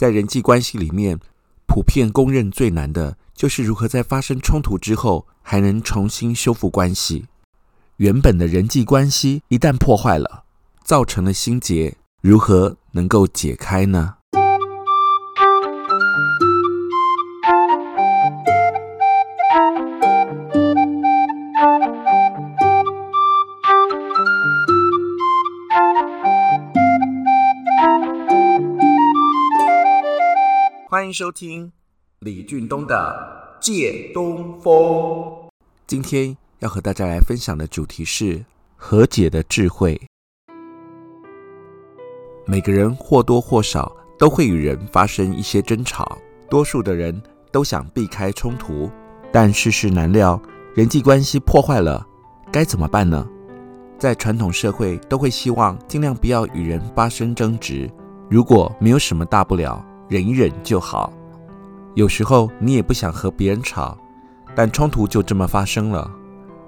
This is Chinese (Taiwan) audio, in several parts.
在人際關係裡面，普遍公認最難的，就是如何在發生衝突之後，還能重新修復關係。原本的人際關係一旦破壞了，造成了心結，如何能夠解開呢？歡迎收聽李俊東的《借東風》。今天要和大家來分享的主題是和解的智慧。每個人或多或少都會與人發生一些爭吵，多數的人都想避開衝突，但世事難料，人際關係破壞了，該怎麼辦呢？在傳統社會，都會希望盡量不要與人發生爭執，如果沒有什麼大不了。忍一忍就好。有時候你也不想和別人吵，但衝突就這麼發生了。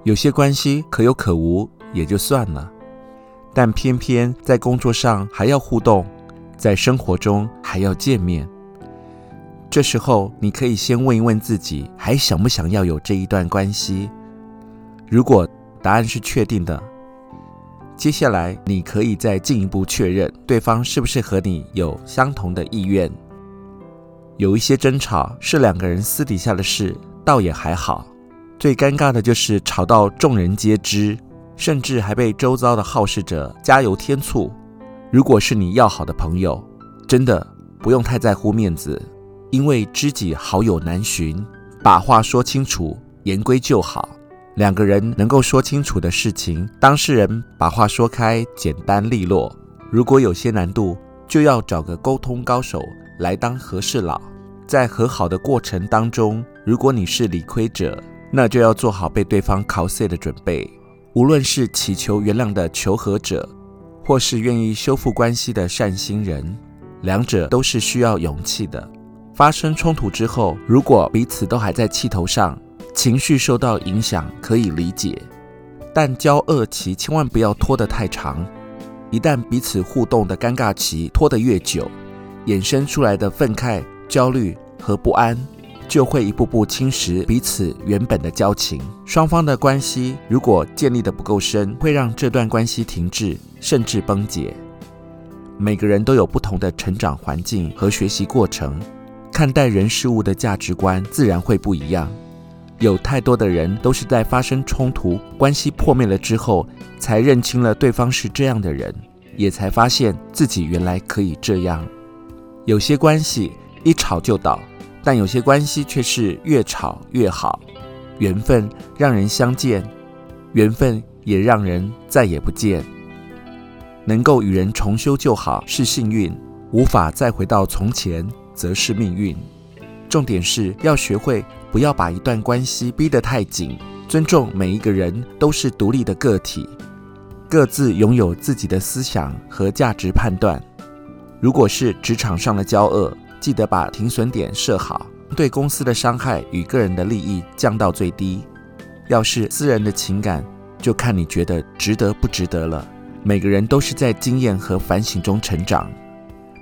有些關係可有可無，也就算了。但偏偏在工作上還要互動，在生活中還要見面。這時候，你可以先問一問自己，還想不想要有這一段關係？如果答案是確定的，接下來你可以再進一步確認對方是不是和你有相同的意願。有一些爭吵是兩個人私底下的事，倒也還好。最尷尬的就是吵到眾人皆知，甚至還被周遭的好事者加油添醋。如果是你要好的朋友，真的不用太在乎面子，因為知己好友難尋。把話說清楚，言歸就好。兩個人能夠說清楚的事情，當事人把話說開，簡單利落。如果有些難度，就要找個溝通高手，來當和事佬，在和好的過程當中，如果你是理虧者，那就要做好被對方敲碎的準備。無論是祈求原諒的求和者，或是願意修復關係的善心人，兩者都是需要勇氣的。發生衝突之後，如果彼此都還在氣頭上，情緒受到影響，可以理解。但交惡期千萬不要拖得太長，一旦彼此互動的尷尬期拖得越久，衍生出來的憤慨、焦慮和不安，就會一步步侵蝕彼此原本的交情。雙方的關係如果建立得不夠深，會讓這段關係停滯甚至崩解。每個人都有不同的成長環境和學習過程，看待人事物的價值觀自然會不一樣。有太多的人都是在發生衝突、關係破滅了之後，才認清了對方是這樣的人，也才發現自己原來可以這樣。有些關係一吵就倒，但有些關係卻是越吵越好。緣分讓人相見，緣分也讓人再也不見。能夠與人重修舊好是幸運，無法再回到從前則是命運。重點是要學會不要把一段關係逼得太緊，尊重每一個人都是獨立的個體，各自擁有自己的思想和價值判斷。如果是職場上的交惡，記得把停損點設好，對公司的傷害與個人的利益降到最低。要是私人的情感，就看你覺得值得不值得了。每個人都是在經驗和反省中成長，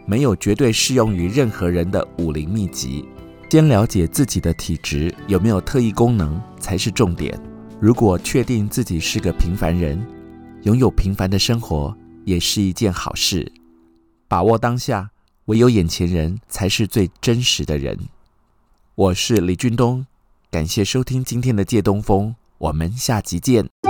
沒有絕對適用於任何人的武林秘籍。先了解自己的體質有沒有特異功能才是重點。如果確定自己是個平凡人，擁有平凡的生活也是一件好事。把握當下，唯有眼前人才是最真實的人。我是李俊東，感謝收聽今天的借東風，我們下集見。